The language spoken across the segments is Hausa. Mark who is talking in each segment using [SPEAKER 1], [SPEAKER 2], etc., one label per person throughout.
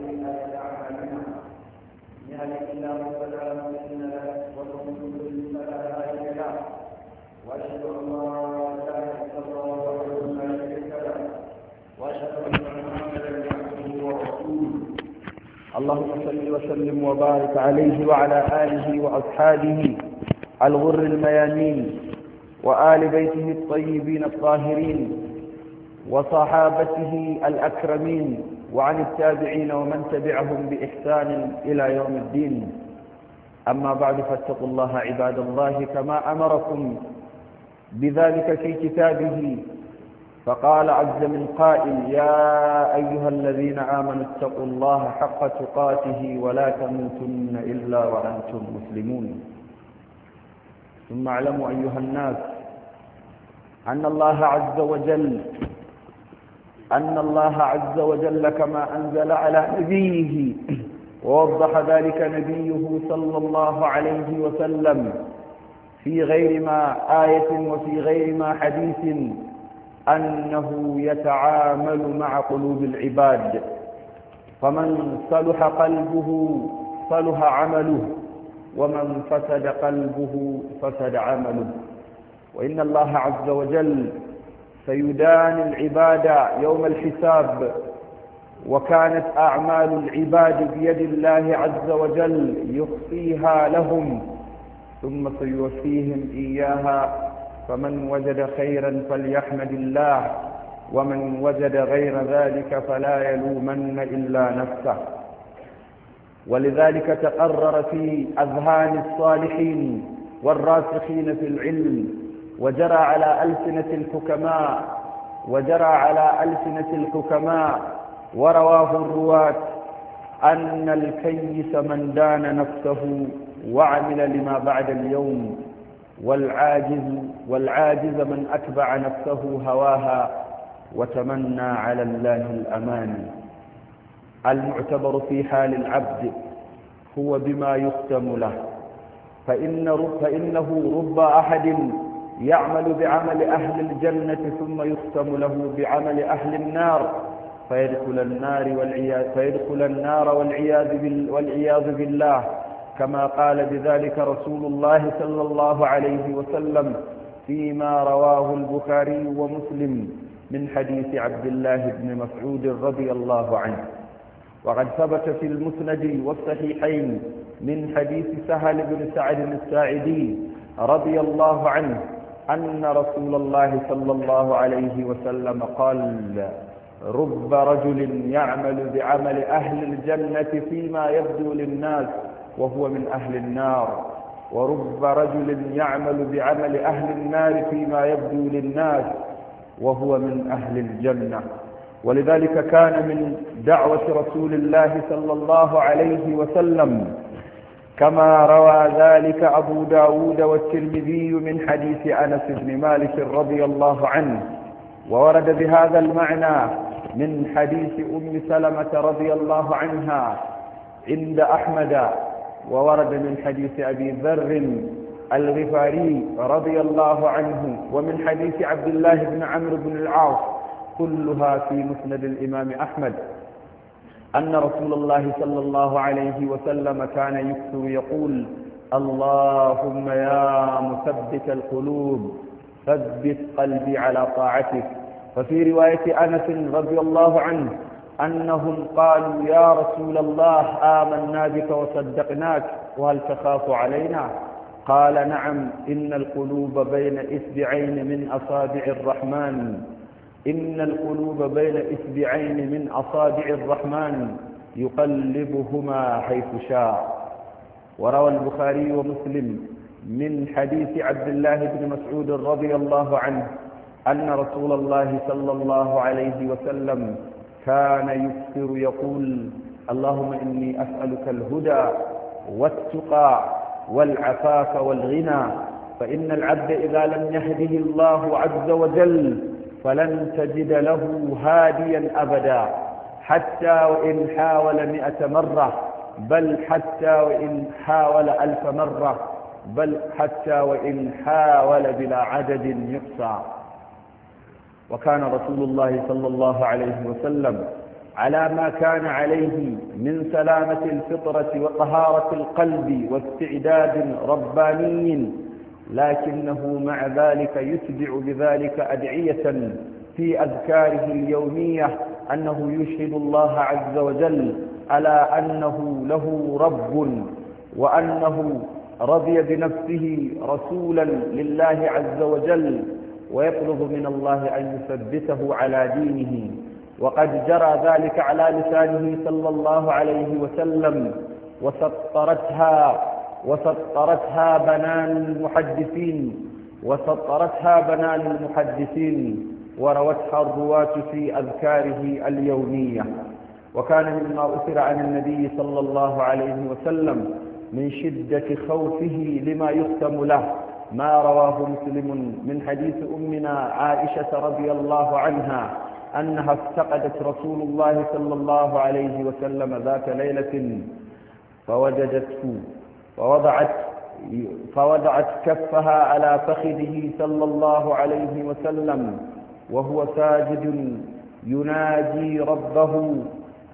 [SPEAKER 1] لا يدعنا منها يهدك الله فلا مضل له ومن يضلل فلا هادي له واشهد ان لا اله الا الله وحده لا شريك له واشهد ان محمدا عبده ورسوله اللهم صل وسلم وبارك عليه وعلى اله واصحابه الغر الميامين وال بيته الطيبين الطاهرين وصحابته الاكرمين وعن التابعين ومن تبعهم بإحسان إلى يوم الدين أما بعد فاتقوا الله عباد الله كما أمركم بذلك في كتابه فقال عز من قائل يا أيها الذين آمنوا اتقوا الله حق تقاته ولا تموتن إلا وأنتم مسلمون ثم اعلموا أيها الناس أن الله عز وجل أن الله عز وجل كما أنزل على نبيه ووضح ذلك نبيه صلى الله عليه وسلم في غير ما آية وفي غير ما حديث أنه يتعامل مع قلوب العباد فمن صلح قلبه صلح عمله ومن فسد قلبه فسد عمله وإن الله عز وجل فيدان العباد يوم الحساب وكانت أعمال العباد بيد الله عز وجل يخفيها لهم ثم سيوفيهم إياها فمن وجد خيرا فليحمد الله ومن وجد غير ذلك فلا يلومن إلا نفسه ولذلك تقرر في أذهان الصالحين والراسخين في العلم وجرى على ألسنة الحكماء وجرى على ألسنة الحكماء ورواه الرواة أن الكيس من دان نفسه وعمل لما بعد اليوم والعاجز والعاجز من أتبع نفسه هواها وتمنى على الله الأمان المعتبر في حال العبد هو بما يختم له فإن فإنه رب أحد يعمل بعمل أهل الجنة ثم يختم له بعمل أهل النار فيدخل النار والعياذ فيدخل النار والعياذ بال والعياذ بالله كما قال بذلك رسول الله صلى الله عليه وسلم فيما رواه البخاري ومسلم من حديث عبد الله بن مسعود رضي الله عنه وقد ثبت في المسند والصحيحين من حديث سهل بن سعد الساعدي رضي الله عنه أن رسول الله صلى الله عليه وسلم قال رب رجل يعمل بعمل أهل الجنة فيما يبدو للناس وهو من أهل النار ورب رجل يعمل بعمل أهل النار فيما يبدو للناس وهو من أهل الجنة ولذلك كان من دعوة رسول الله صلى الله عليه وسلم كما روى ذلك أبو داود والترمذي من حديث أنس بن مالك رضي الله عنه وورد بهذا المعنى من حديث أم سلمة رضي الله عنها عند أحمد وورد من حديث أبي ذر الغفاري رضي الله عنه ومن حديث عبد الله بن عمرو بن العاص كلها في مسند الإمام أحمد أن رسول الله صلى الله عليه وسلم كان يكثر يقول اللهم يا مثبت القلوب ثبت قلبي على طاعتك ففي رواية أنس رضي الله عنه أنهم قالوا يا رسول الله آمنا بك وصدقناك وهل تخاف علينا قال نعم إن القلوب بين إسبعين من أصابع الرحمن إن القلوب بين إسبعين من أصابع الرحمن يقلبهما حيث شاء وروى البخاري ومسلم من حديث عبد الله بن مسعود رضي الله عنه أن رسول الله صلى الله عليه وسلم كان يكثر يقول اللهم إني أسألك الهدى والتقى والعفاف والغنى فإن العبد إذا لم يهده الله عز وجل فلن تجد له هاديا أبدا حتى وإن حاول مئة مرة بل حتى وإن حاول ألف مرة بل حتى وإن حاول بلا عدد يحصى وكان رسول الله صلى الله عليه وسلم على ما كان عليه من سلامة الفطرة وطهارة القلب واستعداد رباني لكنه مع ذلك يتبع بذلك أدعية في أذكاره اليومية أنه يشهد الله عز وجل على أنه له رب وأنه رضي بنفسه رسولا لله عز وجل ويطلب من الله أن يثبته على دينه وقد جرى ذلك على لسانه صلى الله عليه وسلم وسطرتها وسطرتها بنان المحدثين وسطرتها بنان المحدثين وروتها الرواة في أذكاره اليومية وكان مما أثر عن النبي صلى الله عليه وسلم من شدة خوفه لما يختم له ما رواه مسلم من حديث أمنا عائشة رضي الله عنها أنها افتقدت رسول الله صلى الله عليه وسلم ذات ليلة فوجدته ووضعت فوضعت كفها على فخذه صلى الله عليه وسلم وهو ساجد يناجي ربه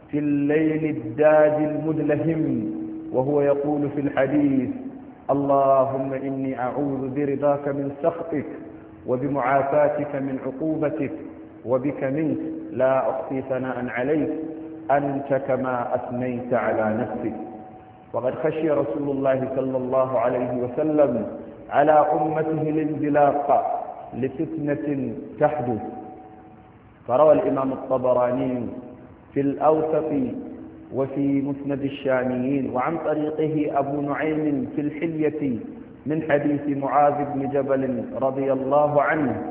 [SPEAKER 1] في الليل الداج المدلهم وهو يقول في الحديث اللهم إني أعوذ برضاك من سخطك وبمعافاتك من عقوبتك وبك منك لا أخفي ثناء عليك أنت كما أثنيت على نفسك وقد خشي رسول الله صلى الله عليه وسلم على أمته الانزلاق لفتنة تحدث فروى الإمام الطبراني في الأوسط وفي مسند الشاميين وعن طريقه أبو نعيم في الحلية من حديث معاذ بن جبل رضي الله عنه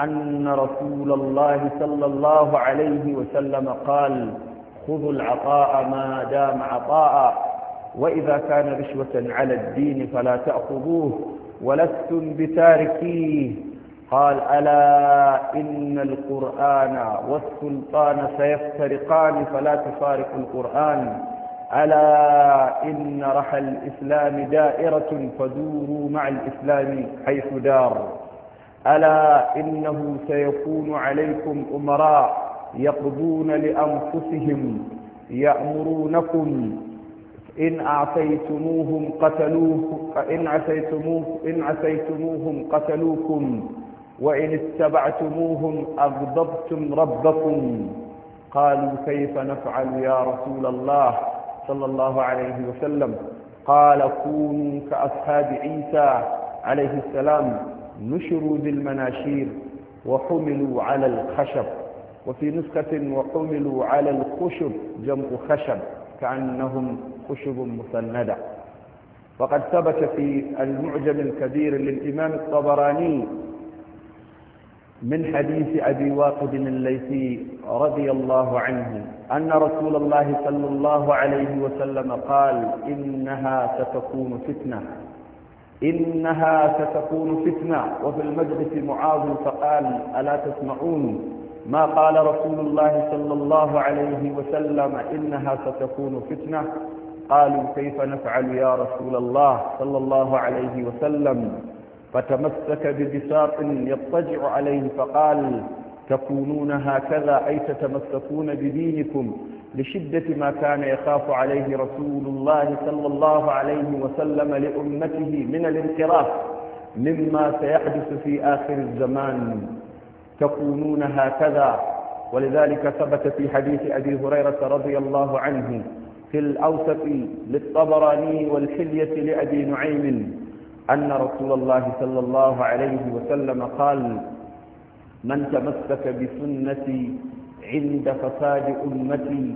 [SPEAKER 1] أن رسول الله صلى الله عليه وسلم قال خذوا العطاء ما دام عطاء وإذا كان رشوة على الدين فلا تأخذوه ولستم بتاركيه قال ألا إن القرآن والسلطان سيفترقان فلا تفارق القرآن ألا إن رحى الإسلام دائرة فدوروا مع الإسلام حيث دار ألا إنه سيكون عليكم أمراء يقضون لأنفسهم يأمرونكم إن عصيتموهم قتلوه إن عصيتموه إن عصيتموهم قتلوكم وإن اتبعتموهم أغضبتم ربكم قالوا كيف نفعل يا رسول الله صلى الله عليه وسلم قال كونوا كأصحاب عيسى عليه السلام نشروا بالمناشير وحملوا على الخشب وفي نسخة وحملوا على الخشب جمع خشب كأنهم خشب مسندة وقد ثبت في المعجم الكبير للإمام الطبراني من حديث أبي واقد الليثي رضي الله عنه أن رسول الله صلى الله عليه وسلم قال إنها ستكون فتنة إنها ستكون فتنة وفي المجلس معاذ فقال ألا تسمعون ما قال رسول الله صلى الله عليه وسلم إنها ستكون فتنة قالوا كيف نفعل يا رسول الله صلى الله عليه وسلم فتمسك ببساط يضطجع عليه فقال تكونون هكذا أي تتمسكون بدينكم لشدة ما كان يخاف عليه رسول الله صلى الله عليه وسلم لأمته من الانحراف مما سيحدث في آخر الزمان تكونون هكذا ولذلك ثبت في حديث أبي هريرة رضي الله عنه في الأوسف للطبراني والحلية لأبي نعيم أن رسول الله صلى الله عليه وسلم قال من تمسك بسنتي عند فساد أمتي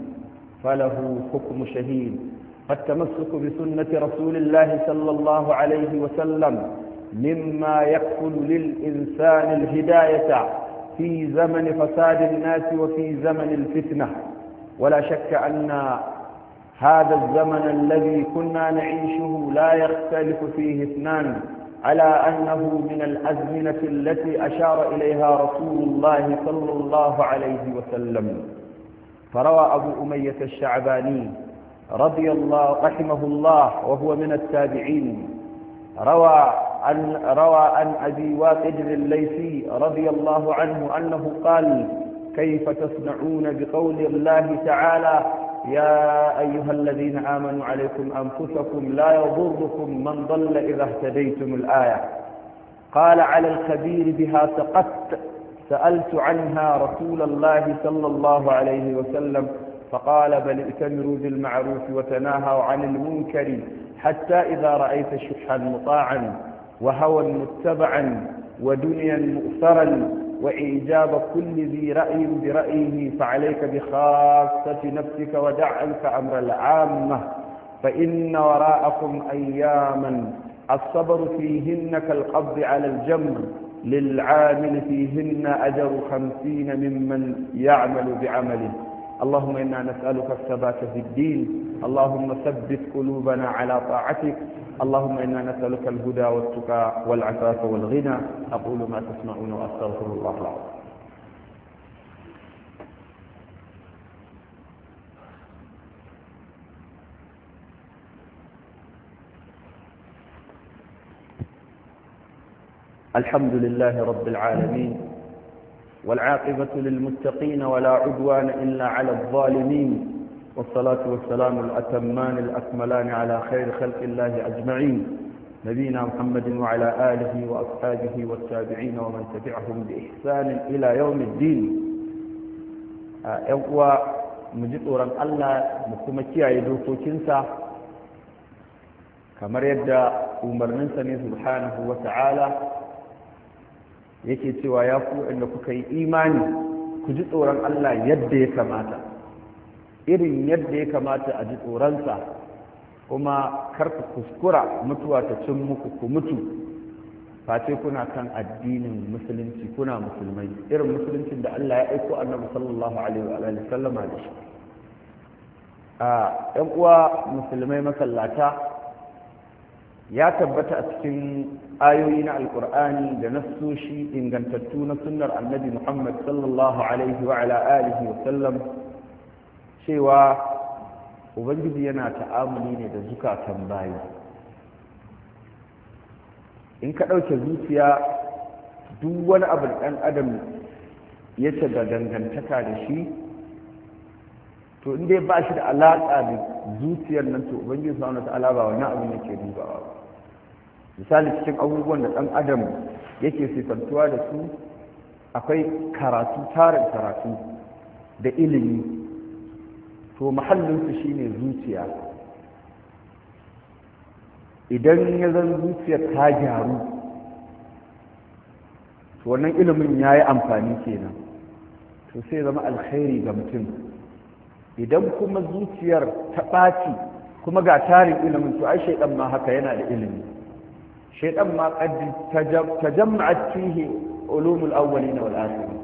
[SPEAKER 1] فله حكم شهيد فالتمسك بسنة رسول الله صلى الله عليه وسلم مما يكفل للإنسان الهداية في زمن فساد الناس وفي زمن الفتنة ولا شك أن هذا الزمن الذي كنا نعيشه لا يختلف فيه اثنان على أنه من الأزمنة التي أشار إليها رسول الله صلى الله عليه وسلم فروى أبو أمية الشعباني رضي الله رحمه الله وهو من التابعين روى أن, روى عن أبي واقد الليثي رضي الله عنه أنه قال كيف تصنعون بقول الله تعالى يا أيها الذين آمنوا عليكم أنفسكم لا يضركم من ضل إذا اهتديتم الآية قال على الكبير بها سقطت سألت عنها رسول الله صلى الله عليه وسلم فقال بل ائتمروا بالمعروف وتناهوا عن المنكر حتى إذا رأيت شحا مطاعا وهوى متبعا ودنيا مؤثرا وإيجاب كل ذي رأي برأيه فعليك بخاصة نفسك ودع عنك أمر العامة فإن وراءكم أياما الصبر فيهن كالقبض على الجمر للعامل فيهن أجر خمسين ممن يعمل بعمله اللهم إنا نسألك الثبات في الدين اللهم ثبت قلوبنا على طاعتك اللهم إنا نسألك الهدى والتقى والعفاف والغنى أقول ما تسمعون وأستغفر الله العظيم الحمد لله رب العالمين والعاقبة للمتقين ولا عدوان إلا على الظالمين والصلاة والسلام الأتمان الأكملان على خير خلق الله أجمعين نبينا محمد وعلى آله وأصحابه والتابعين ومن تبعهم بإحسان إلى يوم الدين أقوى أيوة، مجدورا ألا مكومتيا يدوكو تنسى كما يبدأ أمر ننسى سبحانه وتعالى يكي سوى ya إنك كي إيماني كجدورا ألا يدي كما tsoron irin yadda ya kamata a ji tsoronsa kuma karka kuskura mutuwa ta cin muku ku mutu face kuna kan addinin musulunci kuna musulmai irin musuluncin da Allah ya aiko annabi sallallahu alaihi wa alihi sallama da shi a yan uwa musulmai masallata ya tabbata a cikin ayoyi na alkur'ani da nassoshi ingantattu na sunnar annabi muhammad sallallahu alaihi wa alihi wa sallam cewa ubangiji yana ta'amuli ne da zukatan bayi in ka ɗauke zuciya duk wani abu ɗan adam ya ce da dangantaka da shi to in dai ba shi da alaƙa da zuciyar nan to ubangiji sa wani ta'ala ba wani abu ke dubawa misali cikin abubuwan da ɗan adam yake sifantuwa da su akwai karatu tarin karatu da ilimi to mahallinsu shine zuciya idan ya zan zuciya ta gyaru to wannan ilimin ya yi amfani kenan to sai zama alkhairi ga mutum idan kuma zuciyar ta ɓaci kuma ga tarin ilimin to ai shaidan ma haka yana da ilimi shaidan ma qad tajamma'at fihi ulumul awwalin wal akhirin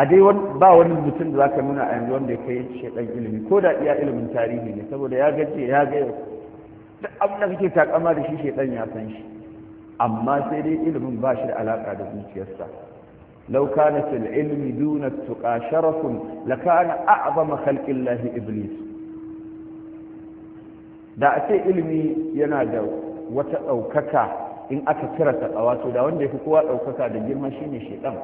[SPEAKER 1] a dai ba wani mutum da zaka nuna a yanzu wanda ya kai shedan ilimi ko da iya ilimin tarihi ne saboda ya gace ya ga duk abin da kake takama da shi shedan ya san shi amma sai dai ilimin ba shi da alaka da zuciyarsa لو كانت العلم دون التقى شرف لكان اعظم خلق الله ابليس da a ce ilimi yana da wata ɗaukaka in aka kira ta wato da wanda ya fi kowa ɗaukaka da girma shine shedan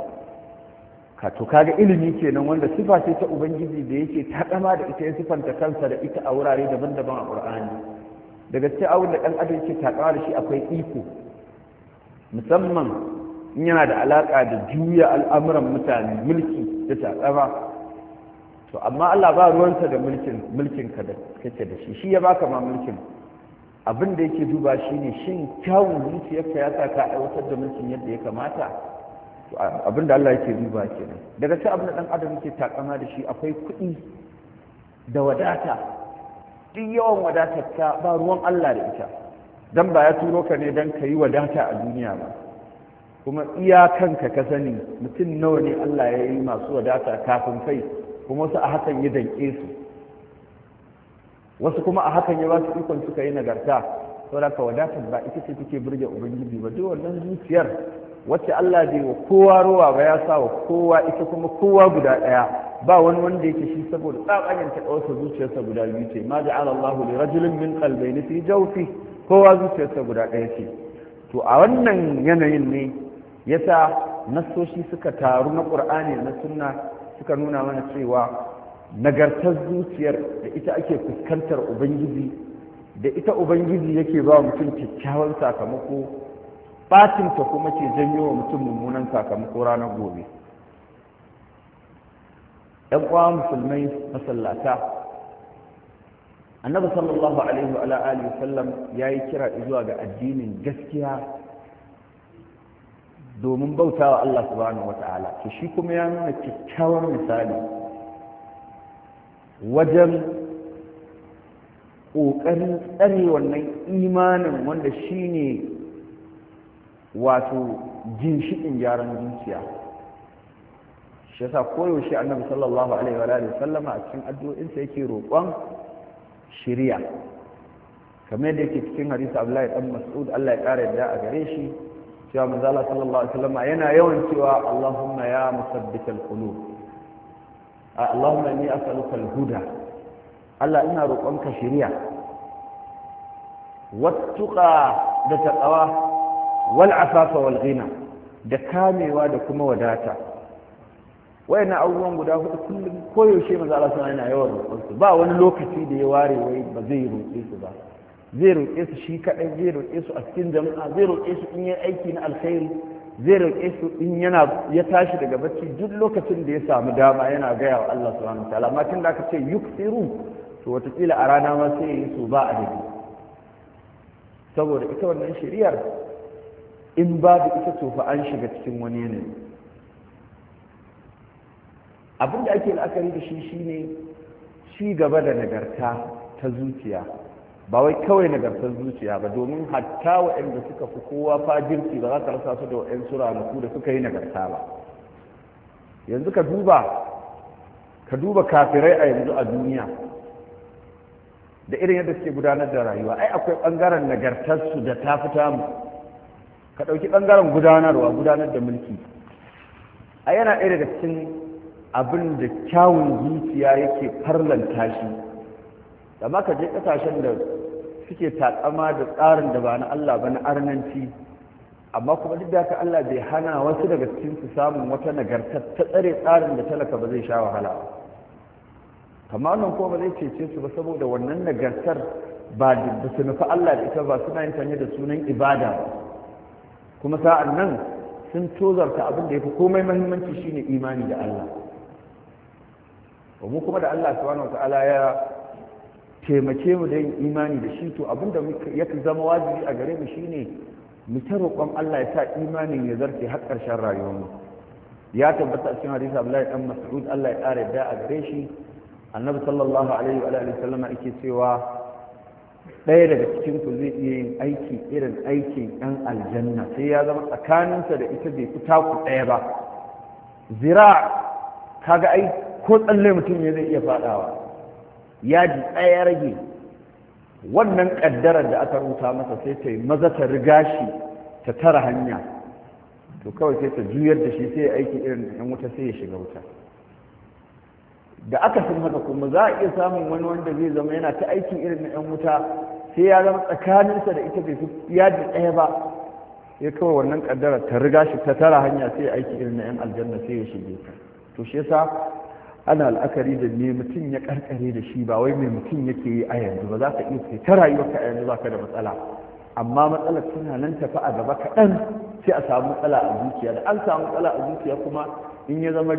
[SPEAKER 1] ka to kaga ilimi kenan wanda sifa ce ta ubangiji da yake takama da ita ya sifanta kansa da ita a wurare daban-daban a qur'ani daga cikin abin da dan adam yake takama da shi akwai iko musamman in yana da alaka da juya al'amuran mutane mulki da ta takama to amma Allah ba ruwansa da mulkin mulkin ka da kake da shi shi ya baka ma mulkin abin da yake duba shine shin kyawun zuciyarka ya sa ka aiwatar da mulkin yadda ya kamata Abin da Allah yake riba nan. daga sai abin da ɗan adam yake takama da shi akwai kuɗi da wadata duk yawan wadatar ta ba ruwan Allah da ita dan ba ya turo ka ne dan kayi wadata a duniya ba kuma iya kanka ka sani mutum nawa ne Allah ya yi masu wadata kafin kai kuma wasu a hakan ya danke su wasu kuma a hakan ya ba su ikon suka yi nagarta saboda ka wadatar ba ita ce take burge ubangiji ba duk wannan zuciyar wacce Allah bai wa kowa ruwa ba ya sa wa kowa ita kuma kowa guda ɗaya ba wani wanda yake shi saboda tsakanin ta ɗausa zuciyarsa guda biyu ce ma ja'ala Allahu li rajulin min qalbayni fi jawfi kowa zuciyarsa guda ɗaya ce to a wannan yanayin ne ya yasa nasoshi suka taru na ƙur'ani na Sunna suka nuna mana cewa nagartar zuciyar da ita ake fuskantar Ubangiji da ita Ubangiji yake ba mutum kyakkyawan sakamako bacinta kuma ke janyo wa mutum mummunan sakamako ranar gobe ‘yan uwa musulmai masallata annabi sallallahu alaihi wa alihi sallam ya yi kira zuwa ga addinin gaskiya domin bauta wa Allah subhanahu wata'ala to shi kuma ya nuna kyakkyawar misali wajen ƙoƙarin tsare wannan imanin wanda shi ne wato ginshiƙin gyaran zuciya shi yasa koyaushe annabi sallallahu alaihi wa sallama a cikin addu'o'insa yake roƙon shiriya kamar yadda yake cikin hadisi Abdullahi dan Mas'ud Allah ya ƙara yadda a gare shi cewa manzo Allah sallallahu alaihi wa wasallama yana yawan cewa Allahumma ya musabbital qulub Allahumma inni as'aluka al-huda Allah ina roƙonka shiriya wattuqa da taqwa wal Asafa wal ghina da kamewa da kuma wadata wayannan abubuwan guda hudu kullum koyaushe maza Allah suna yana yawan roƙon su ba wani lokaci da ya ware wai ba zai roƙe su ba zai roƙe su shi kaɗai zai roƙe su a cikin jama'a zai roƙe su in yi aiki na alkhairi zai roƙe su in yana ya tashi daga bacci duk lokacin da ya samu dama yana gaya wa Allah subhanahu wa ta'ala amma tun da aka ce yuksiru to wataƙila a rana ma sai yi su ba a dade saboda ita wannan shari'ar in babu ita tofa an shiga cikin wani yanayi abin da ake la'akari da shi shine ci gaba da nagarta ta zuciya ba wai kawai nagartar zuciya ba domin hatta waɗanda suka fi kowa fajirci ba za ka rasa su da waɗansu ranaku da suka yi nagarta ba yanzu ka duba ka duba kafirai a yanzu a duniya da irin yadda suke gudanar da rayuwa ai akwai ɓangaren nagartarsu da ta fi tamu. ka ɗauki ɓangaren gudanarwa gudanar da mulki a yana ɗaya daga cikin abin da kyawun zuciya yake farlanta shi amma ka je ƙasashen da suke taƙama da tsarin da ba na Allah ba na arnanci amma kuma duk da haka Allah bai hana wasu daga cikin su samun wata nagarta ta tsare tsarin da talaka ba zai sha wahala ba kamar wannan ko ba zai cece su ba saboda wannan nagartar ba su nufi Allah da ita ba suna yin ta da sunan ibada ba kuma sa'an nan sun tozarta abin da ya fi komai mahimmanci shine imani da Allah mu kuma da Allah subhanahu ta'ala ya taimake mu da yin imani da shi to abin da ya zama wajibi a gare mu shine mu ta roƙon Allah ya sa imanin ya zarce har ƙarshen mu. ya tabbata a cikin hadisi Abdullahi dan Mas'ud Allah ya ƙara yadda a gare shi annabi sallallahu alaihi wa alihi sallama yake cewa ɗaya daga cikin zai iya yin aiki irin aikin ɗan aljanna sai ya zama tsakaninsa da ita bai fi taku ɗaya ba zira kaga ai ko tsalle mutum ne zai iya faɗawa Yadi ɗaya rage wannan ƙaddarar da aka rusa masa sai ta yi maza ta riga shi ta tara hanya to kawai sai ta juyar da shi sai ya aiki irin ɗan wuta sai ya shiga wuta da aka sun haka kuma za a iya samun wani wanda zai zama yana ta aikin irin na 'yan wuta sai ya zama tsakaninsa da ita bai fi yaji ɗaya ba ya kawo wannan ƙaddara ta riga shi ta tara hanya sai aiki irin na 'yan aljanna sai ya shige ta to shi yasa ana al'akari da me mutum ya karkare da shi ba wai me mutum yake yi a yanzu ba za ka iya kai ta rayuwarka a yanzu ba ka da matsala amma matsalar tana nan tafi a gaba kaɗan sai a samu matsala a zuciya da an samu matsala a zuciya kuma in ya zama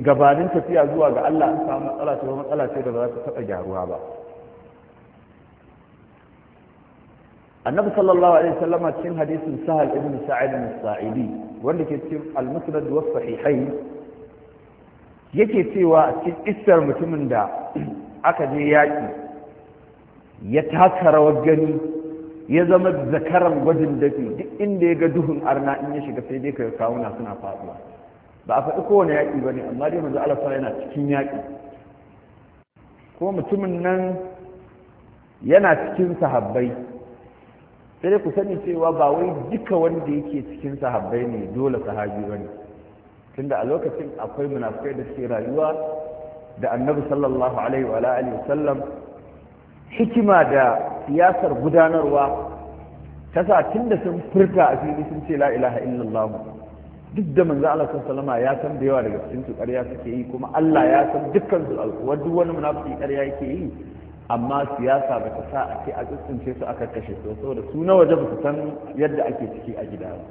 [SPEAKER 1] gabanin tafiya zuwa ga Allah an samu matsala ce matsala ce da ba za ta taɓa gyaruwa ba annabi sallallahu alaihi wasallam cikin hadisin sahal ibn sa'id as-sa'idi wanda ke cikin al-musnad wa sahihai yake cewa cikin isar mutumin da aka je yaki ya taka rawar gani ya zama zakaran gwajin dafi duk inda ya ga duhun arna in ya shiga sai dai ka kawuna suna faduwa ba a faɗi kowane yaƙi ba ne amma dai manzo Allah yana cikin yaƙi ko mutumin nan yana cikin sahabbai sai dai ku sani cewa ba wai duka wanda yake cikin sahabbai ne dole sahabi bane tunda a lokacin akwai munafikai da suke rayuwa da annabi sallallahu alaihi wa alihi wasallam hikima da siyasar gudanarwa ta sa tunda sun furta a fili sun ce la ilaha illallah duk da manzo Allah sallallahu ya san da yawa daga cikin su ƙarya suke yi kuma Allah ya san dukkan su alkuwa duk wani munafiki ƙarya yake yi amma siyasa ba ta sa a ce a tsintsince su aka kashe su saboda su na waje ba su san yadda ake ciki a gida ba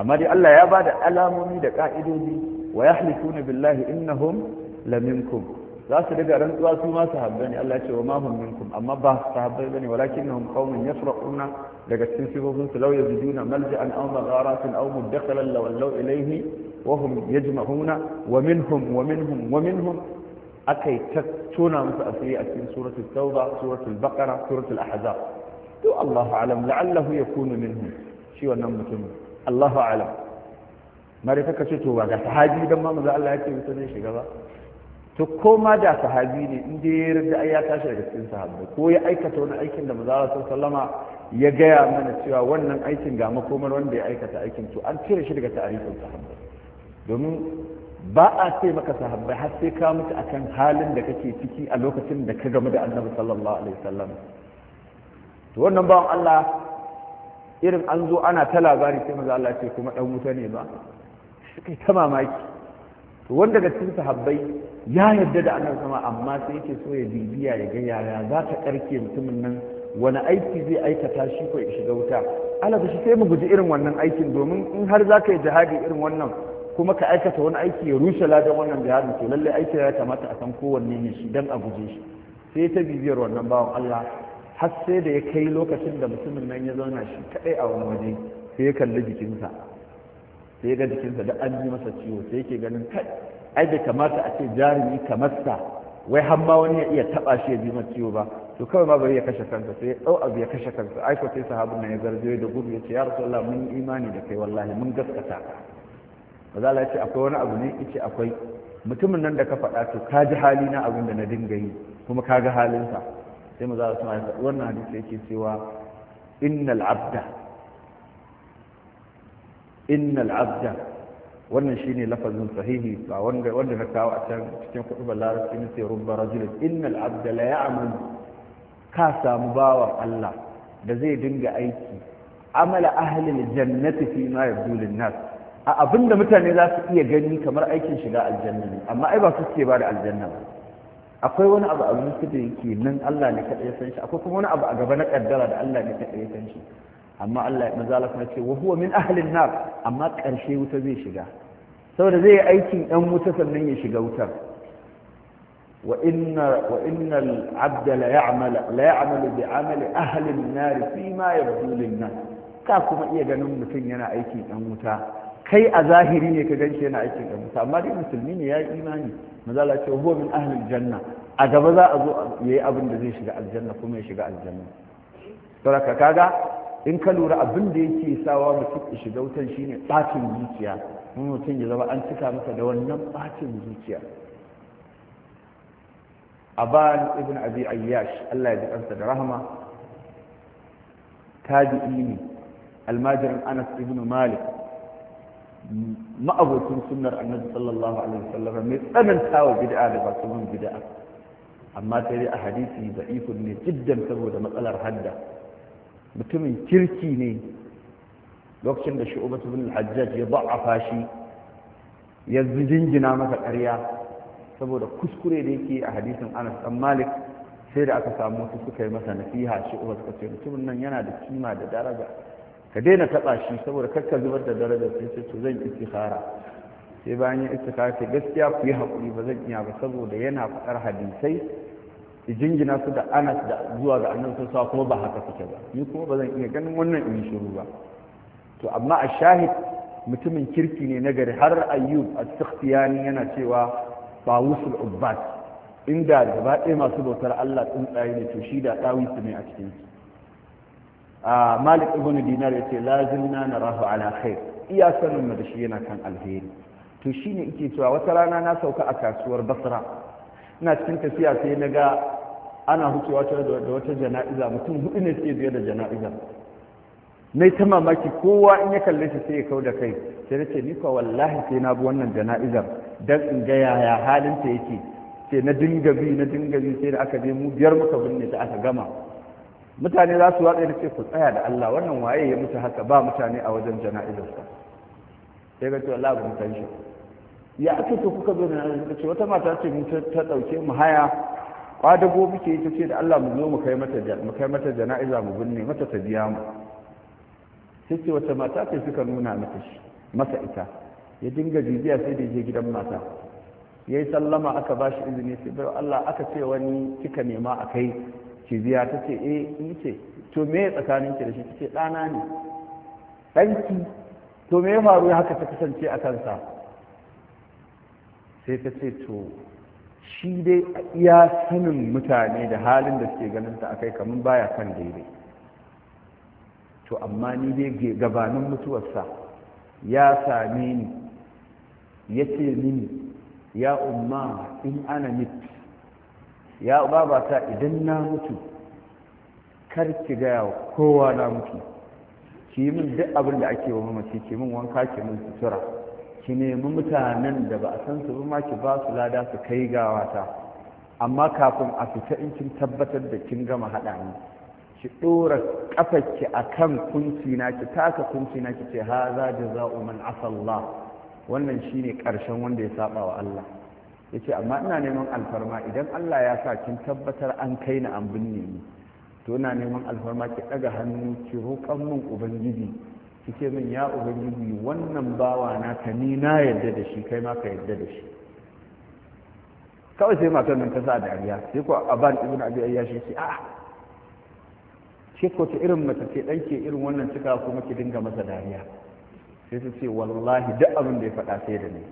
[SPEAKER 1] amma dai Allah ya ba da alamomi da ƙa'idodi wa na billahi innahum laminkum za su daga rantsuwa su ma sahabbai ne Allah ya ce wa ma hum minkum amma ba sahabbai na walakinnahum qaumun yafraquna daga cikin sifofin su law yajiduna malja'an aw magharatin aw mudakhalan law law ilayhi wa hum yajma'una wa minhum wa minhum wa minhum aka yi ta tona musu asiri a cikin suratul tauba suratul baqara suratul ahzab to Allahu alam la'allahu yakunu minhum shi wannan mutum. Allahu alam mare ka ce to ga sahabi dan ma manzo Allah ya yake mutane shiga ba to ko ma da sahabi ne in dai ya yarda ai ya tashi daga cikin sahabbai ko ya aikata wani aikin da manzo Allah sallama ya gaya mana cewa wannan aikin ga makomar wanda ya aikata aikin to an cire shi daga tarihin sahabbai domin ba a ce maka sahabbai har sai ka mutu akan halin da kake ciki a lokacin da ka gamu da annabi sallallahu alaihi wasallam to wannan bawan Allah irin an zo ana ta labari sai maza Allah ce kuma dan wuta ne ba kai ta mamaki to wanda daga cikin sahabbai ya yarda da annabi sama amma sai yake so ya bibiya ya ga yaya za ta karke mutumin nan wani aiki zai aikata shi ko ya shiga wuta Allah shi sai mu guji irin wannan aikin domin in har za yi jihadi irin wannan kuma ka aikata wani aiki ya rushe ladan wannan jihadin to lallai aikin ya kamata a san kowanne ne shi dan a guje shi sai ta bibiyar wannan bawan Allah har sai da ya kai lokacin da mutumin nan ya zauna shi kadai a wani waje sai ya kalli jikinsa sai ya ga jikinsa da an yi masa ciwo sai yake ganin kai ai bai kamata a ce jarumi kamar sa wai har ma wani ya iya taba shi ya ji masa ciwo ba to kawai ma bari ya kashe kansa sai ya dau abu ya kashe kansa ai ko sai sahabin nan ya zarje da gudu ya ce ya rasulullah mun imani da kai wallahi mun gaskata Maza ya ce akwai wani abu ne ce akwai mutumin nan da ka faɗa to ka ji hali na abin da na dinga yi kuma ka ga halinsa sai mazala sun haifa wannan hadisi yake cewa innal abda innal abda wannan shine lafazin sahihi ba wanda wanda na kawo a can cikin kuɗi larabci ne sai rubba rajulin innal abda la ya'mal ka samu bawan Allah da zai dinga aiki amala ahlil jannati fi ma yabdulun nas a abin da mutane za su iya gani kamar aikin shiga aljanna ne amma ai ba su ce ba da aljanna ba akwai wani abu a zuci da yake nan Allah ne kaɗai ya san shi akwai kuma wani abu a gaba na ƙaddara da Allah ne kaɗai ya san shi amma Allah ya mazala kuma ce wa huwa min ahlin nar amma ƙarshe wuta zai shiga saboda zai yi aikin ɗan wuta sannan ya shiga wutar wa inna wa inna al-abda la ya'malu la ya'malu bi 'amali ahli an-nar fi ma nas ka kuma iya ganin mutum yana aikin ɗan wuta kai a zahiri ne ka shi yana aikin mutu amma dai musulmi ne ya yi imani la ce huwa min ahlil janna a gaba za a zo ya yi abin da zai shiga aljanna kuma ya shiga aljanna saboda kaga in ka lura abin da yake sawa mutum ya shiga wutan shine bacin zuciya mutum ya zama an cika masa da wannan bacin zuciya aban ibn abi ayyash Allah ya ji kansa da rahama tabi'i ne almajirin anas ibn malik ma'abocin sunnar annabi sallallahu alaihi wasallam mai tsananta wa bid'a da ba sunan bid'a amma sai dai a hadisi da ikon ne jiddan saboda matsalar hadda mutumin kirki ne lokacin da shu'ubat ibn hajjaj ya da'afa shi ya jingina masa ƙarya saboda kuskure da yake a hadisin Anas dan Malik sai da aka samu su suka yi masa nasiha shu'ubat suka ce mutumin nan yana da kima da daraja ka daina taɓa shi saboda kakka zubar da darajar sai ce to zan istikhara sai bayan ya istikhara ce gaskiya ku yi haƙuri ba zan iya ba saboda yana faɗar hadisai jingina su da anas da zuwa ga annan sassa kuma ba haka suke ba ni kuma ba zan iya ganin wannan in shiru ba to amma a shahid mutumin kirki ne na gari har ayyub a sikhtiyani yana cewa ba wusul ubbat inda gaba ɗaya masu bautar allah tsuntsaye ne to shi da ɗawisu ne a cikin su. Ah, malik ibn dinar ya ce lazimna na rahu ala khair iya sanin mu da shi yana kan alheri to shine yake cewa wata rana na sauka a kasuwar basra ina cikin tafiya sai na ga ana hucewa da wata jana'iza mutum hudu ne suke biye da na nai ta mamaki kowa in ya kalle shi sai ya kau da kai sai nace ni fa wallahi sai na bi wannan jana'izar dan in ga yaya halin ta yake sai na dinga bi na dinga bi sai da aka je mu biyar muka binne ta aka gama mutane za su watsa da ce ku tsaya da Allah wannan waye ya mutu haka ba mutane a wajen jana'izarsa sai ga cewa Allah ban shi ya ake to kuka zo da nan ce wata mata ce mun ta dauke mu haya kwadago muke ita ce da Allah mu zo mu kai mata mu kai mata jana'iza mu binne mata ta biya mu sai ce wata mata ce suka nuna mata shi masa ita ya dinga jijiya sai da je gidan mata yayi sallama aka bashi izini sai bai Allah aka ce wani kika nema a kai ki biya ta ce e eh, in ce to me ya tsakanin ki da shi ce ɗana ne ɗanki to me ya faru haka ta kasance a kansa sai ta ce to shi dai a iya sanin mutane da halin da suke ganin ta akai kamar baya kan daidai to amma ni dai gabanin mutuwarsa ya same ni ya ce mini ya umma in ana mitu ya ta idan na mutu kar ki gaya kowa na mutu ki yi min duk abin da ake wa mamaci ki min wanka ki min sutura ki nemi mutanen da ba a san su ba ma ki ba su lada su kai gawata amma kafin a fita in kin tabbatar da kin gama haɗa ni ki ɗora ƙafarki a kan kunci na ki taka kunci na ki ce ha za jaza'u man asallah wannan shine ƙarshen wanda ya saba wa Allah ya ce amma ina neman alfarma idan allah ya sa kin tabbatar an kai na an binne ni to ina neman alfarma ki ɗaga hannu ki roƙon min ubangiji ki ce min ya ubangiji wannan bawa na ka ni na yadda da shi kai ma ka yadda da shi kawai sai matan nan ta sa da dariya sai ko ban ibn abi ayyashi ce a'a ce ko ta irin mace ce dan ke irin wannan cika kuma ki dinga masa dariya sai ta ce wallahi duk abin da ya faɗa sai da ni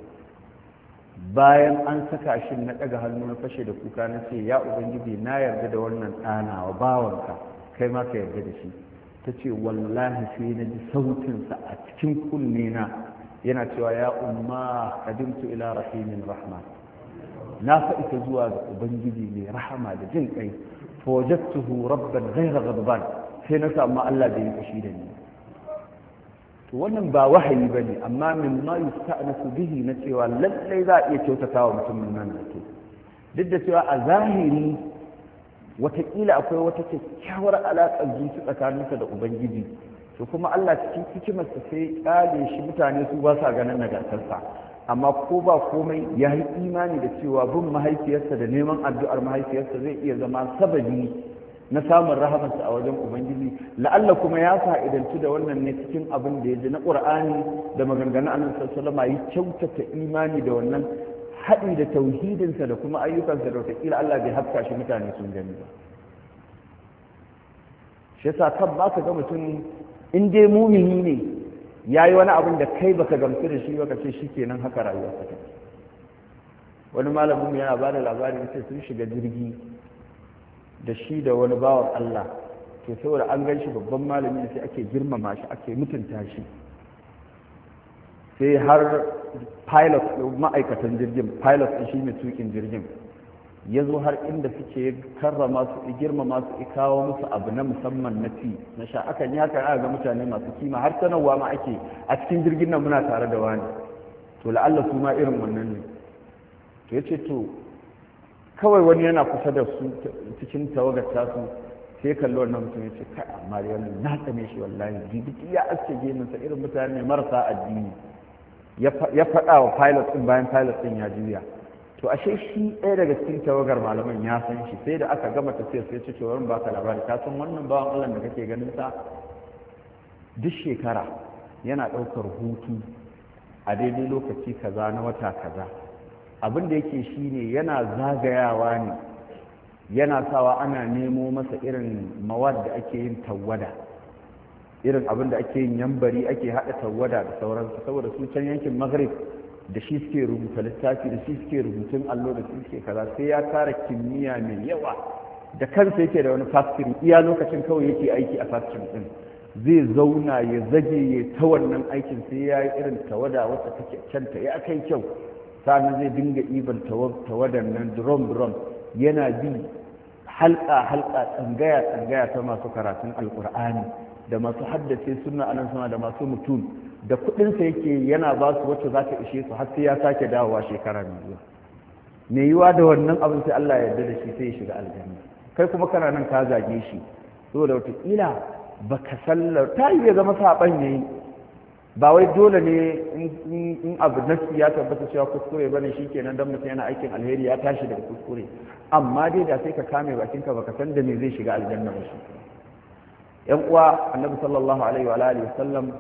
[SPEAKER 1] bayan an saka shi na ɗaga hannu na fashe da kuka na ce ya ubangiji na yarda da wannan ɗana wa bawanka kai ma ka yarda da shi ta ce wallahi sai na ji sautinsa a cikin kunne na yana cewa ya umma kadimtu ila rahimin rahma na fa'ita zuwa ga ubangiji mai rahama da jin kai fawajattuhu rabban ghayra ghadban sai na samu Allah da ya kashi da ni wannan ba wahayi ba ne amma min ma yusta'nasu bihi na cewa lallai za a iya kyautata wa mutumin nan da ke duk da cewa a zahiri watakila akwai wata kyakkyawar alaƙar zuci tsakaninsa da ubangiji to kuma Allah cikin hikimarsa sai ƙale shi mutane su ba sa ganin nagartarsa amma ko ba komai ya yi imani da cewa bin mahaifiyarsa da neman addu'ar mahaifiyarsa zai iya zama sababi na samun rahamarsa a wajen ubangiji la'alla kuma ya fa'idantu da wannan ne cikin abin da ya ji na ƙur'ani da maganganu a nan alaihi ya kyautata imani da wannan haɗi da tauhidinsa da kuma ayyukansa da wataƙila Allah bai haska shi mutane sun gani ba shi yasa kan ba ka ga mutum in dai mumini ne ya yi wani abin da kai baka gamsu da shi ba ka ce shi kenan haka rayuwa ta wani malamin mu yana ba da labarin sai sun shiga jirgi da shi da wani bawar Allah to saboda an gan shi babban malami sai ake girmama shi ake mutunta shi sai har pilot ma'aikatan jirgin pilot ɗin shi mai tukin jirgin ya zo har inda suke karrama su girmama su kawo musu abu na musamman na fi na sha akan ya kan ga mutane masu kima har sanarwa ma ake a cikin jirgin nan muna tare da wani to la'alla su ma irin wannan ne to ya ce to kawai wani yana kusa da su cikin tawagar tasu sai kallo wannan mutum ya ce kai amma da na tsame shi wallahi jibiti ya aske geminsa irin mutane marasa addini ya faɗa wa pilot ɗin bayan pilot ɗin ya juya to ashe shi ɗaya daga cikin tawagar malaman ya san shi sai da aka gama tafiyar sai ce ce wurin baka labari ka san wannan bawan Allah da kake ganin sa duk shekara yana ɗaukar hutu a daidai lokaci kaza na wata kaza abin da yake shine yana zagayawa ne yana sawa ana nemo masa irin mawad da ake yin tawada, irin abin da ake yin yambari ake haɗa tawada da sauransu saboda su can yankin maghrib da shi suke rubuta littafi da shi suke rubutun allo da shi suke kaza sai ya tara kimiyya mai yawa da kansa yake da wani factory iya lokacin kawai yake aiki a factory din zai zauna ya zage ya ta wannan aikin sai ya yi irin tawada wata take canta ya kai kyau Sani zai dinga iban ta wadannan drum drum yana bi halka halka tsangaya tsangaya ta masu karatun alkur'ani da masu haddace sunna anan sama da masu mutum da kudinsa yake yana ba su wacce za ta ishe su har sai ya sake dawowa shekara mai zuwa me yiwa da wannan abin sai Allah ya yarda da shi sai ya shiga aljanna kai kuma kana nan ka zage shi saboda wataƙila baka sallar ta yi ya zama saɓan yayi ba wai dole ne in abu nasi ya tabbata cewa kuskure bane shikenan dan mutum yana aikin alheri ya tashi daga kuskure amma dai da sai ka kame bakinka baka san da me zai shiga aljanna ba shi yan uwa annabi sallallahu alaihi wa alihi wasallam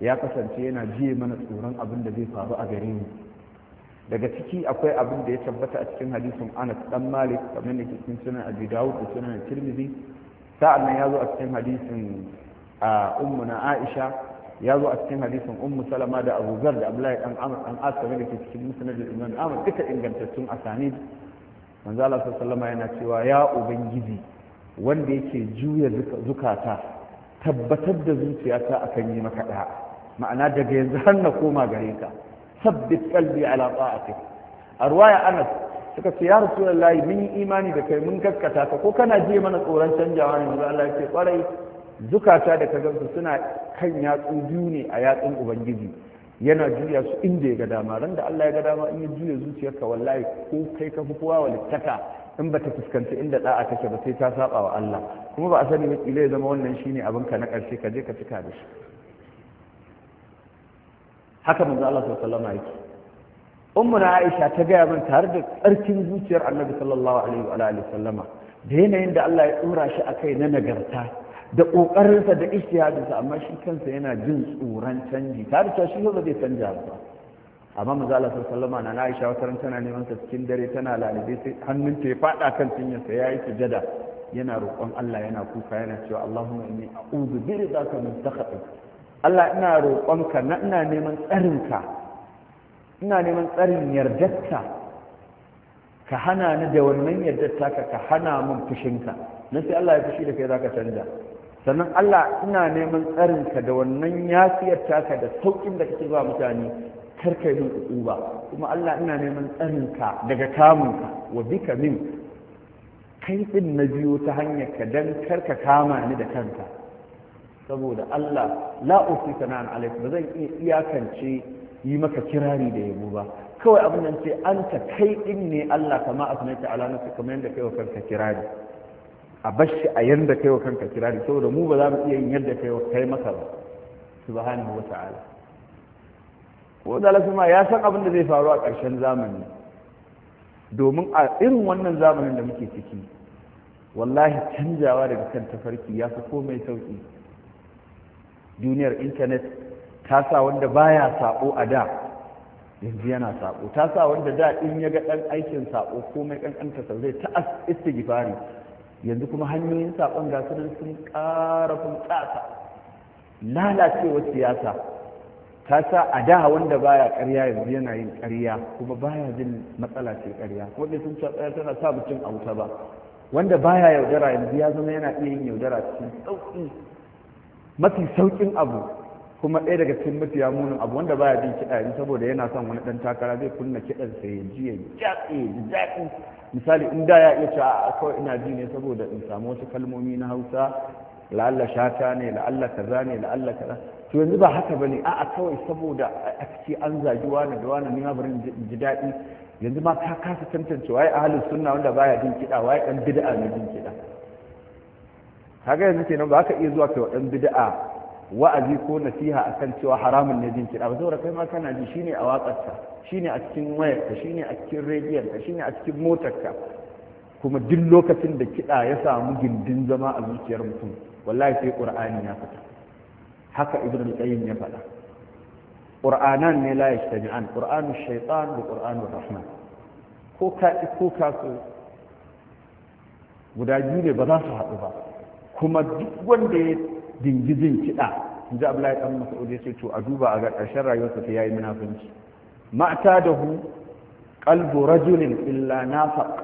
[SPEAKER 1] ya kasance yana jiye mana tsoron abin da zai faru a gare mu daga ciki akwai abin da ya tabbata a cikin hadisin Anas dan Malik kamar ne cikin sunan Abi Dawud da sunan Tirmidhi sa'annan ya zo a cikin hadisin a na Aisha ya zo a cikin hadisin ummu salama da abu zar da abdullahi dan amr an asa da ke cikin musnad al-imam amr duka ingantattun asanid manzo Allah sallallahu yana cewa ya ubangiji wanda yake juya zukata tabbatar da zuciyata akan yi maka da ma'ana daga yanzu har na koma gare ka sabbit qalbi ala ta'ati ya anas suka ce ya rasulullahi mun yi imani da kai mun kaskata ka ko kana jiya mana tsoron canjawa ne manzo Allah yake kwarai zukata da ka gansu suna kan yatsun biyu ne a yatsun ubangiji yana juya su inda ya ga dama ran da Allah ya ga dama in ya juya zuciyarka wallahi ko kai ka fi kowa walittaka in ba ta fuskanci inda da'a take ba sai ta saba wa Allah kuma ba a sani wakilai ya zama wannan shine abin ka na karshe ka je ka cika da shi haka manzo Allah sallallahu alaihi yake ummu na Aisha ta gaya min tare da tsarkin zuciyar Annabi sallallahu alaihi wa alihi sallama da yanayin da Allah ya tsura shi akai na nagarta da ƙoƙarinsa da ishtihadinsa amma shi kansa yana jin tsoron canji ta da shi ba zai canja ba amma zala sun sallallahu na Aisha wata ran tana neman sa cikin dare tana lalibe sai hannun ta ya fada kan cinyarsa yayi sujada yana roƙon Allah yana kuka yana cewa Allahumma inni a'udhu bi ridaka min sakhatik Allah ina ka na ina neman ka ina neman tsarin yardarka ka hana ni da wannan yardarka ka hana min fushinka na sai Allah ya fushi da kai zaka canja sannan Allah ina neman tsarinka da wannan yafiyar taka da saukin da kake ba mutane kar ka yi ba. kuma Allah ina neman tsarinka daga kamunka wa bika min kai din na biyo ta hanyar ka dan kar ka kama ni da kanka saboda Allah la usika na alaik ba zan iya iyakance yi maka kirari da yabo ba kawai abin nan ce ta kai din ne Allah kama asnaita ala nafsi kamar yadda kai wa kanka kirari a bashi a yanda kai wa kanka kirari saboda mu ba za mu iya yin yadda kai wa kai masa ba subhanahu wa ta'ala ko da ya san abin da zai faru a ƙarshen zamani domin a irin wannan zamanin da muke ciki wallahi canjawa daga kan tafarki ya fi komai sauƙi duniyar intanet ta sa wanda baya sabo a da yanzu yana sako, ta sa wanda da in ya ga ɗan aikin sabo komai ƙanƙanta sa zai ta istighfari yanzu kuma hanyoyin saƙon ga sun ƙara kun ƙasa lalacewar siyasa ta sa a da wanda baya ƙarya yanzu yana yin ƙarya kuma baya jin matsala ce ƙarya kuma sun cewa ƙarya tana sa mutum a wuta ba wanda baya yaudara yanzu ya zama yana iya yin yaudara cikin sauƙi mafi sauƙin abu kuma ɗaya daga cikin mafi munin abu wanda baya jin kiɗa yanzu saboda yana son wani ɗan takara zai kunna kiɗan sa ya ji ya ji misali in da ya iya ce, a kawai ina ji ne saboda in samu wasu kalmomi na hausa la'alla shata ne la'alla kaza ne la'alla kaza to yanzu ba haka ba ne, a'a kawai saboda a ce an zagi wani da wani ni ma bari ji daɗi yanzu ma ka kasa tantance waye ahlus sunna wanda baya jin kiɗa waye dan bid'a ne jin kiɗa kaga yanzu kenan ba ka iya zuwa kai wa dan bid'a wa'azi ko nasiha akan cewa haramun ne jin kiɗa ba saboda kai ma kana ji shine a watsarka shine a cikin wayarka shine a cikin rediyonka shine a cikin motarka kuma duk lokacin da kiɗa ya samu gindin zama a zuciyar mutum wallahi sai qur'ani ya fita haka ibn al-qayyim ya faɗa qur'anan ne la yajtami'an qur'anu shaytan da qur'anu rahman ko ka ko ka so guda biyu ne ba za su haɗu ba kuma duk wanda ya dingizin kiɗa in ji abdullahi ɗan mas'ud ya ce to a duba a ga ƙarshen rayuwarsa ta yayi munafunci ma'ata da hu qalbu rajulin illa nafaq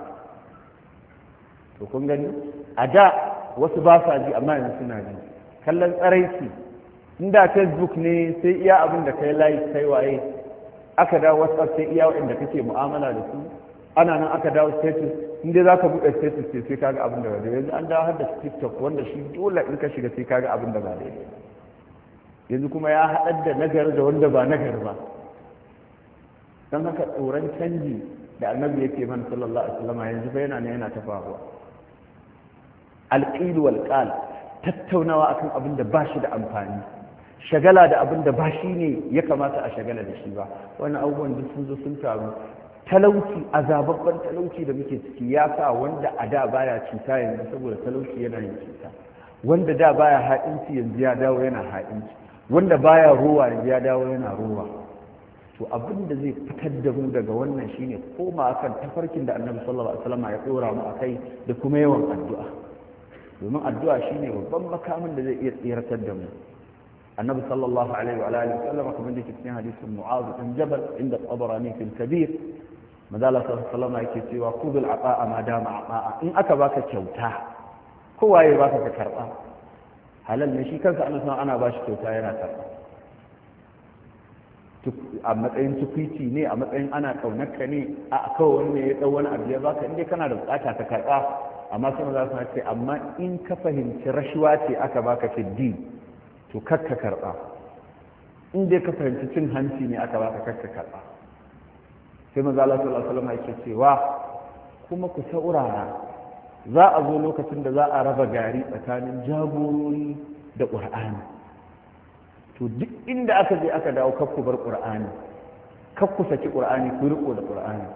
[SPEAKER 1] to kun gani a da wasu ba sa ji amma yanzu suna ji kallon tsaraici inda facebook ne sai iya abin da kai like kai waye aka dawo whatsapp sai iya waɗanda kake mu'amala da su ana nan aka dawo status in dai zaka buɗe status ce sai kaga abin da ba yanzu an dawo har da tiktok wanda shi dole in ka shiga sai kaga abin da ba daidai yanzu kuma ya haɗar da nagar da wanda ba nagar ba don haka tsoron canji da annabi yake man sallallahu alaihi wasallam yanzu fa yana ne yana ta faruwa alqil wal qal tattaunawa akan abin da bashi da amfani shagala da abin da ba shi ne ya kamata a shagala da shi ba wannan abubuwan duk sun zo sun taru talauci azababban talauci da muke ciki ya sa wanda a da baya cuta yanzu saboda talauci yana yin cuta wanda da baya ha'inci yanzu ya dawo yana ha'inci wanda baya ruwa yanzu ya dawo yana ruwa to abin da zai fitar da mu daga wannan shine koma akan tafarkin da annabi sallallahu alaihi wasallam ya dora mu akai da kuma yawan addu'a domin addu'a shine babban makamin da zai iya tsiratar da mu النبي صلى الله عليه وعلى اله وسلم كما ذكر في حديث معاذ بن جبل عند الطبراني في الكبير manzala sallama yake cewa kudul aba'a ma dama aba'a in aka baka kyauta kowa ya baka ka karba halal ne shi kansa ana san ana bashi kyauta yana karba a matsayin tukwiti ne a matsayin ana ka ne a kawai wani ya dau wani abu ya baka inda kana da bukata ka karba amma sai maza sun ce amma in ka fahimci rashuwa ce aka baka fiddi to kakka karba in dai ka fahimci cin hanci ne aka baka kakka karba sai manzo ke sallallahu alaihi wasallam yake cewa kuma ku saurara za a zo lokacin da za a raba gari tsakanin jagorori da qur'ani to duk inda aka je aka dawo kakku bar qur'ani kakku saki qur'ani ku riko da qur'ani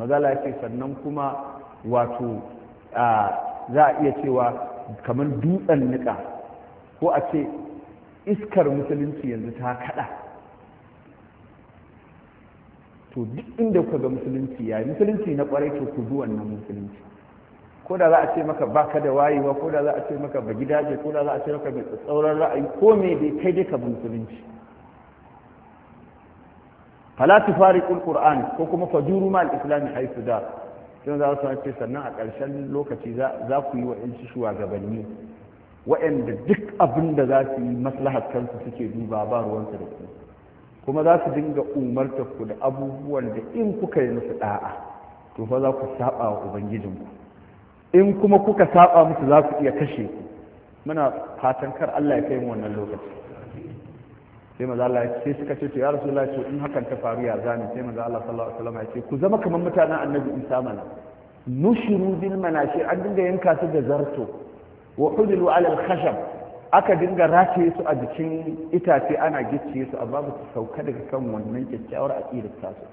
[SPEAKER 1] manzo yake sannan kuma wato za a iya cewa kamar dutsen nika ko a ce iskar musulunci yanzu ta kada to duk inda kuka ga musulunci yayi musulunci na kwarai to ku bi wannan musulunci ko da za a ce maka baka da wayewa ko da za a ce maka ba gidaje ko da za a ce maka mai tsauran ra'ayi ko me dai kai dai ka bi musulunci fala tufariqul qur'an ko kuma fajuru ma al-islam haythu da sai za su ce sannan a ƙarshen lokaci za ku yi wa ƴan shugabanni waɗanda duk abin da za su yi maslahar kansu suke duba ba ruwansu da su kuma za su dinga umarta ku da abubuwan da in kuka yi musu da'a to fa za ku saba wa ku? in kuma kuka saba musu za ku iya kashe ku muna fatan kar Allah ya kai mu wannan lokaci sai maza Allah sai suka ce to ya rasulullah to in hakan ta faru ya zani sai maza Allah sallallahu alaihi wasallam ya ce ku zama kamar mutanen annabi Isa mana nushiru bil manashir an dinga yanka su da zarto wa hudilu ala al khashab aka dinga rataye su a jikin itace ana gicciye su amma ba su sauka daga kan wannan kyakkyawar aƙidar tasu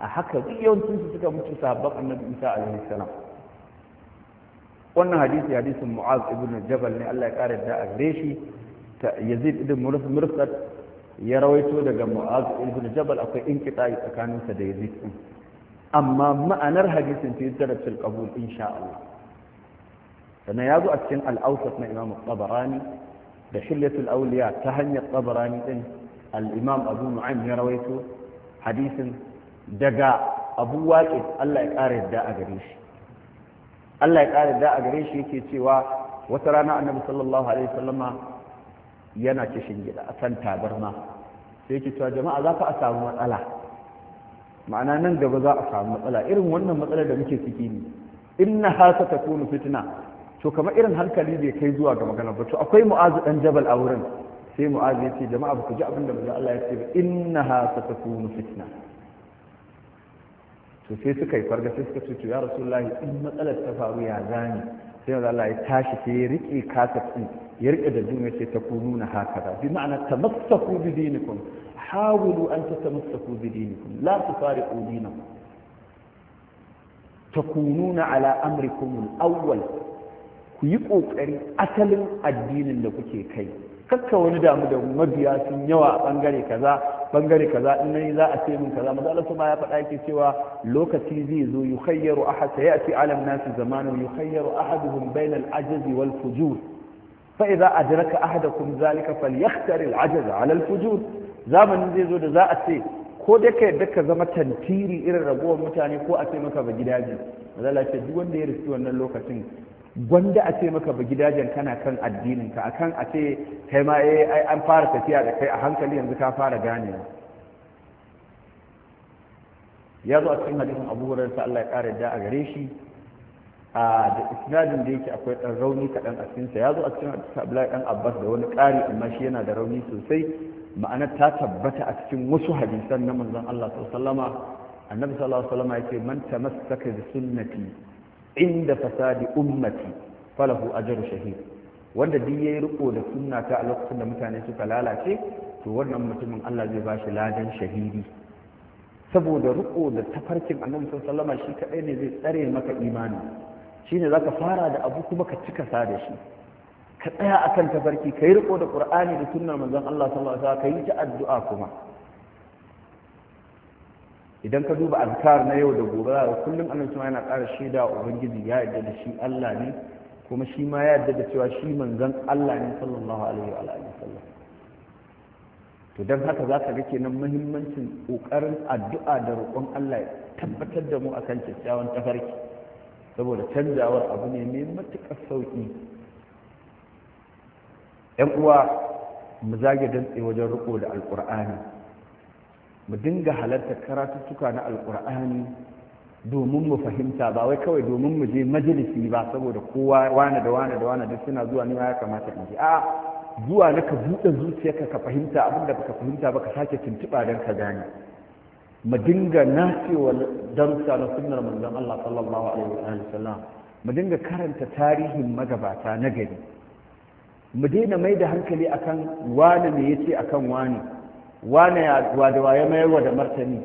[SPEAKER 1] a haka duk yawancin su suka mutu sahabban annabi isa alaihi salam wannan hadisi hadisin mu'az ibn jabal ne Allah ya kare da a gare shi yazid ibn murqat ya rawaito daga mu'az ibn jabal akwai tsakanin tsakaninsa da yazid din amma ma'anar hadisin fi darajatul qabul insha Allah sannan ya zo a cikin al'ausat na imam tabarani da shilyatul auliya ta hanyar tabarani din Al'imam abu nu'aym ya rawaito hadisin daga abu waƙi Allah ya ƙara yadda a gare shi Allah ya ƙara yadda a gare shi yake cewa wata rana annabi sallallahu alaihi sallama yana kishin gida a kan tabarma sai yake cewa jama'a za fa a samu matsala ma'ana nan gaba za a samu matsala irin wannan matsalar da muke ciki ne inna ha ta takunu fitna to kamar irin hankali bai kai zuwa ga magana ba to akwai mu'azu dan jabal a wurin sai mu'azu ya ce jama'a ba ku ji abin da manzo Allah ya ce ba innaha satakunu fitna to sai suka yi farga sai suka ce to ya rasulullahi in matsalar ta faru ya zani sai manzo Allah ya tashi sai ya rike kasat din ya rike da duniya sai ta kununa hakaza bi ma'ana tamassaku bi dinikum hawulu an أن bi dinikum la تفارقوا dinakum تكونون على أمركم الأول ku yi ƙoƙari asalin addinin da kuke kai kakka wani damu da mabiya sun yawa a bangare kaza bangare kaza in nayi za a ce min kaza maza Allah ya faɗa yake cewa lokaci zai zo yukhayyaru ya fi alam nasi zamanu yukhayyaru ahaduhum bayna al-ajzi wal fujur fa idza adraka ahadakum zalika falyakhtar al-ajz ala al-fujur zamanin zai zo da za a ce ko da ka ka zama tantiri irin ragowar mutane ko a ce maka ba gidaje maza Allah duk wanda ya riski wannan lokacin gwanda a ce maka ba gidajen kana kan addininka akan a ce kai ma eh, ai an fara tafiya da kai a hankali yanzu ka fara ganewa ya zo a cikin hadisin abubuwar da sa Allah ya kare da a gare shi a da isnadin da yake akwai dan rauni kaɗan a cikinsa ya zo a cikin hadisin Abdullahi dan Abbas da wani ƙari amma shi yana da rauni sosai ma'anar ta tabbata a cikin wasu hadisan na manzon Allah sallallahu alaihi wasallama annabi sallallahu alaihi wasallama yake man tamassaka bi sunnati inda fasadi ummati falahu ajru shahid wanda duk yayi riko da sunna ta a lokacin da mutane suka lalace to wannan mutumin Allah zai bashi ladan shahidi saboda riko da tafarkin Annabi sallallahu alaihi shi kadai ne zai tsare maka imani shine zaka fara da abu kuma ka cika sa da shi ka tsaya akan tafarki kai riko da Qur'ani da sunna manzon Allah sallallahu alaihi wasallam kai ta addu'a kuma idan ka duba azkar na yau da gobe za kullum annabi kuma yana ƙara shaida wa ubangiji ya yarda da shi Allah ne kuma shi ma ya yarda da cewa shi manzon Allah ne sallallahu alaihi wa alihi sallam. to dan haka zaka ga kenan muhimmancin kokarin addu'a da roƙon Allah ya tabbatar da mu akan kyakkyawan tafarki saboda canjawar abu ne mai matuƙar sauƙi ‘yan uwa mu zage dantse wajen riko da alƙur'ani mu dinga halarta karatuttuka na alkur'ani domin mu fahimta ba wai kawai domin mu je majalisi ba saboda kowa wane da wane da wane duk suna zuwa ne ya kamata in ji a zuwa na ka buɗe zuciyarka ka fahimta abin da baka fahimta ba ka sake tuntuɓa don ka gane mu dinga nacewa damsa na sunnar manzon Allah sallallahu alaihi wa sallam mu dinga karanta tarihin magabata na gari mu daina mai da hankali akan wani ne yace akan wani wane yaduwa da waye wa da martani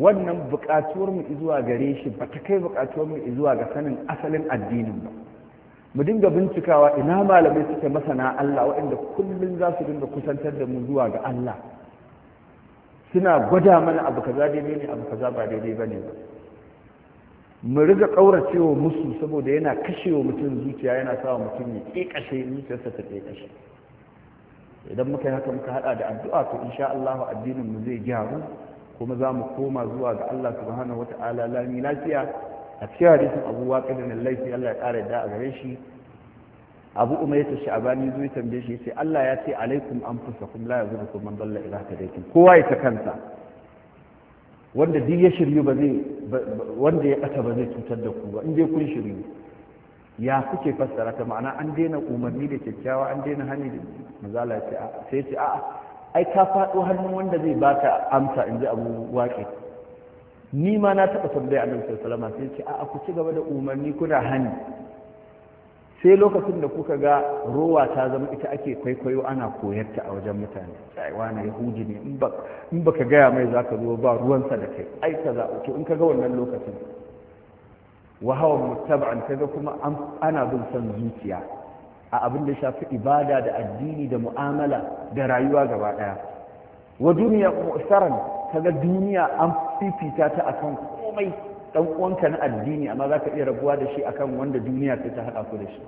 [SPEAKER 1] wannan buƙatuwar mu zuwa gare shi ba ta kai buƙatuwar mu zuwa ga sanin asalin addinin ba mu dinga bincikawa ina malamai suke masana Allah waɗanda kullum za su dinga kusantar da mu zuwa ga Allah suna gwada mana abu kaza daidai ne abu kaza ba daidai ba ne mu riga ƙauracewa musu saboda yana kashewa mutum zuciya yana sawa mutum ya ƙeƙashe zuciyarsa ta ƙeƙashe idan muka yi haka muka hada da addu'a to insha Allah addinin mu zai gyaru kuma za mu koma zuwa ga Allah subhanahu wata'ala lami lafiya a cikin hadisin Abu Waqid bin Laifi Allah ya kare da a gare shi Abu Umayyah Sha'bani zai tambaye shi sai Allah ya ce alaikum anfusakum la yazurukum man dalla ila tadaykum kowa ya ta kansa wanda duk ya shiryu ba zai wanda ya bata ba zai cutar da ku ba in dai kun shiryu ya kuke fassara ta ma'ana an daina umarni da kyakkyawa an daina hani da mazala ce sai ce a'a ai ka faɗo hannun wanda zai ba baka amsa in ji abu waƙe ni ma na taɓa tambaya annabi sallallahu alaihi wasallam sai ce a'a ku ci gaba da umarni kuna hani sai lokacin da kuka ga rowa ta zama ita ake kwaikwayo ana koyarta a wajen mutane sai wani yahudi ne in baka gaya mai zaka zo ba ruwansa da kai ai kaza to in ka ga wannan lokacin wa hawa muttaba'an kaga kuma ana bin son zuciya a abin da shafi ibada da addini da mu'amala da rayuwa gaba daya wa duniya ta kaga duniya an fifita ta akan komai dan uwanka na addini amma zaka iya rabuwa da shi akan wanda duniya ta ta hada ku da shi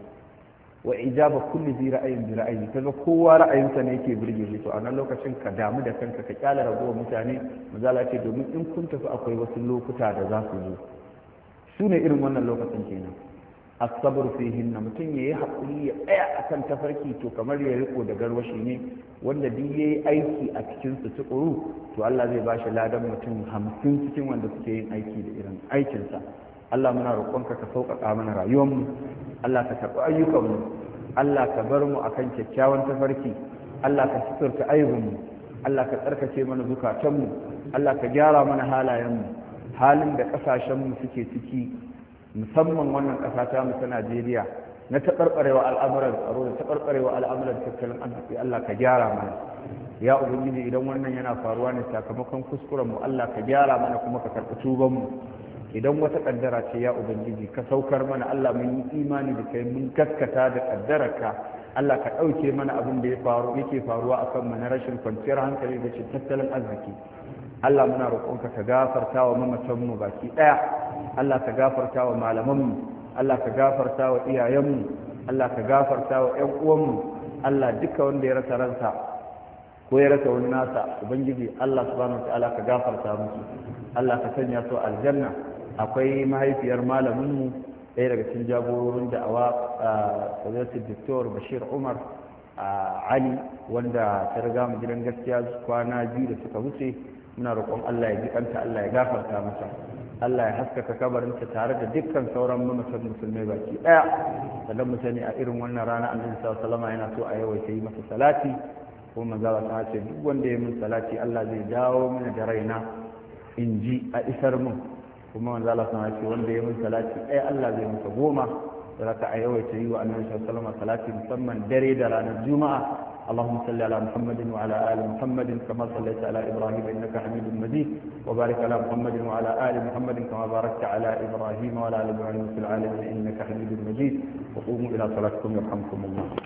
[SPEAKER 1] wa ijaba kulli bi ra'ayin bi ra'ayi kaga kowa ra'ayinsa ne yake burge shi to a nan lokacin ka damu da kanka ka kyale rabuwar mutane mazala ce domin in kun tafi akwai wasu lokuta da za ku zo su ne irin wannan lokacin kenan asabar fihin na mutum ya yi haƙuri ya tsaya a kan tafarki to kamar ya riko da garwashi ne wanda duk ya yi aiki a cikin su tukuru to Allah zai ba shi ladan mutum hamsin cikin wanda suke yin aiki da irin aikinsa Allah muna roƙonka ka sauƙaƙa mana rayuwarmu Allah ka karɓi ayyukanmu Allah ka bar mu akan kyakkyawan tafarki Allah ka suturta aibinmu Allah ka tsarkake mana zukatanmu Allah ka gyara mana halayenmu halin da ƙasashenmu suke ciki musamman wannan ƙasa ta mu ta najeriya na taɓarɓarewa al'amuran tsaro da taɓarɓarewa al'amuran tattalin arziki allah ka gyara mana ya ubangiji idan wannan yana faruwa ne sakamakon kuskuren mu allah ka gyara mana kuma ka karɓi tuban mu idan wata kaddara ce ya ubangiji ka saukar mana Allah mun yi imani da kai mun gaskata da kaddararka Allah ka ɗauke mana abin da ya faru yake faruwa akan mu na rashin kwanciyar hankali da tattalin arziki Allah muna roƙonka ka gafarta wa mamatanmu baki ɗaya Allah ka gafarta wa malamanmu Allah ka gafarta wa iyayenmu Allah ka gafarta wa ƴan uwanmu Allah duka wanda ya rasa ransa ko ya rasa wani nasa ubangiji Allah subhanahu wataala ka gafarta musu Allah ka sanya su aljanna akwai mahaifiyar malaminmu ɗaya daga cikin jagororin awa, a Dr. Bashir Umar Ali wanda ta riga mu gidan gaskiya kwana biyu da suka wuce muna roƙon Allah ya ji kanta Allah ya gafarta mata Allah ya haskaka kabarinta tare da dukkan sauran mamatan musulmai baki daya sannan mu sani a irin wannan rana annabi sallallahu alaihi yana so a yawaita yi masa salati ko manzo ta ce duk wanda ya min salati Allah zai dawo mana da raina in ji a isar mun kuma manzo Allah ta ce wanda ya min salati ɗaya Allah zai masa goma da a yawaita yi wa annabi sallallahu alaihi salati musamman dare da ranar juma'a اللهم صل على محمد وعلى آل محمد كما صليت على إبراهيم إنك حميد مجيد وبارك على محمد وعلى آل محمد كما باركت على إبراهيم وعلى آل إبراهيم في العالمين إنك حميد مجيد وقوموا إلى صلاتكم يرحمكم الله